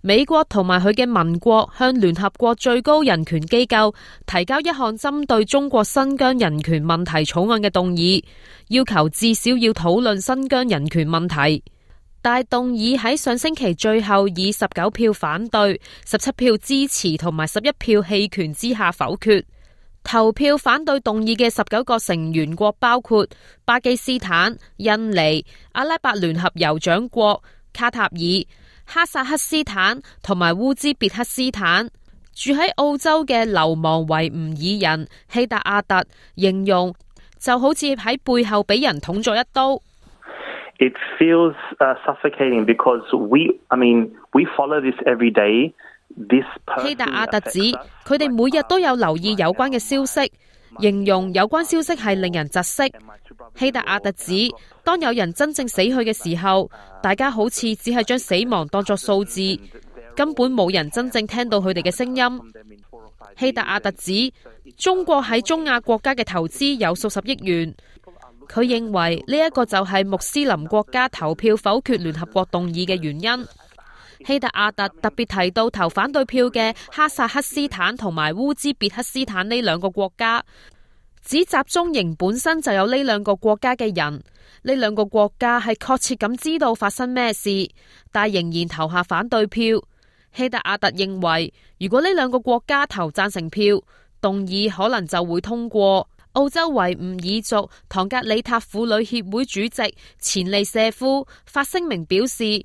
美國同埋佢嘅盟國向聯合國最高人權機構提交一項針對中國新疆人權問題草案嘅動議，要求至少要討論新疆人權問題。但動議喺上星期最後以十九票反對、十七票支持同埋十一票棄權之下否決。投票反對動議嘅十九個成員國包括巴基斯坦、印尼、阿拉伯聯合酋長國、卡塔爾。哈薩克斯坦同埋烏茲別克斯坦。住喺澳洲嘅流亡維吾，吾爾人希達阿特，特形容就好似喺背後俾人捅咗一刀。It feels, uh, suffocating because we, I mean, we follow this every day. This 希達阿特指佢哋每日都有留意有關嘅消息。形容有關消息係令人窒息。希特阿特指，當有人真正死去嘅時候，大家好似只係將死亡當作數字，根本冇人真正聽到佢哋嘅聲音。希特阿特指，中國喺中亞國家嘅投資有數十億元，佢認為呢一個就係穆斯林國家投票否決聯合國動議嘅原因。希特阿特特別提到投反對票嘅哈薩克斯坦同埋烏茲別克斯坦呢兩個國家，指集中營本身就有呢兩個國家嘅人，呢兩個國家係確切咁知道發生咩事，但仍然投下反對票。希特阿特認為，如果呢兩個國家投贊成票，動議可能就會通過。澳洲維吾爾族唐格里塔婦女協會主席前利舍夫發聲明表示。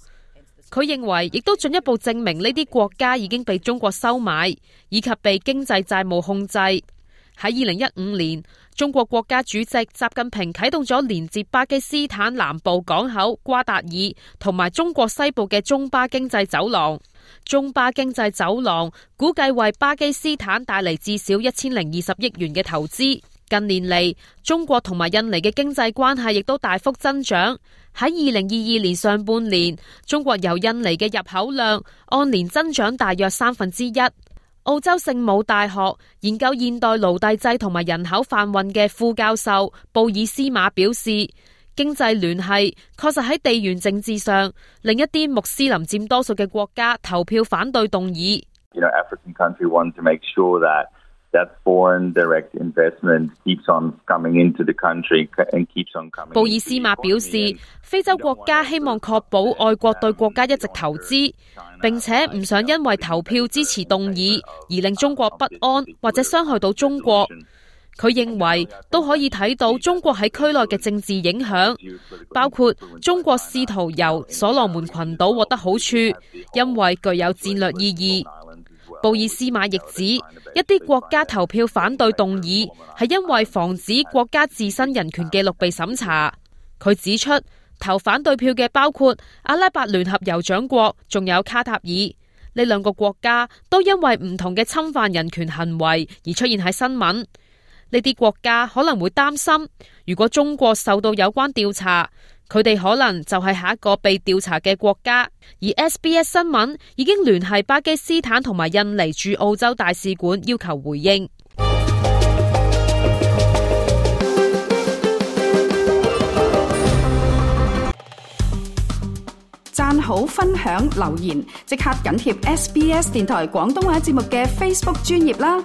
佢認為，亦都進一步證明呢啲國家已經被中國收買，以及被經濟債務控制。喺二零一五年，中國國家主席習近平啟動咗連接巴基斯坦南部港口瓜達爾同埋中國西部嘅中巴經濟走廊。中巴經濟走廊估計為巴基斯坦帶嚟至少一千零二十億元嘅投資。近年嚟，中國同埋印尼嘅經濟關係亦都大幅增長。喺二零二二年上半年，中國由印尼嘅入口量按年增長大約三分之一。澳洲聖母大學研究現代奴隸制同埋人口販運嘅副教授布爾斯馬表示，經濟聯繫確實喺地緣政治上，令一啲穆斯林佔多數嘅國家投票反對動議。You know, 布爾斯馬表示，非洲國家希望確保外國對國家一直投資，並且唔想因為投票支持動議而令中國不安或者傷害到中國。佢認為都可以睇到中國喺區內嘅政治影響，包括中國試圖由所羅門群島獲得好處，因為具有戰略意義。布爾斯馬亦指一啲國家投票反對動議，係因為防止國家自身人權記錄被審查。佢指出投反對票嘅包括阿拉伯聯合酋長國，仲有卡塔爾。呢兩個國家都因為唔同嘅侵犯人權行為而出現喺新聞。呢啲國家可能會擔心，如果中國受到有關調查。佢哋可能就係下一個被調查嘅國家，而 SBS 新聞已經聯繫巴基斯坦同埋印尼駐澳洲大使館要求回應。讚好分享、留言，即刻緊貼 SBS 電台廣東話節目嘅 Facebook 專頁啦！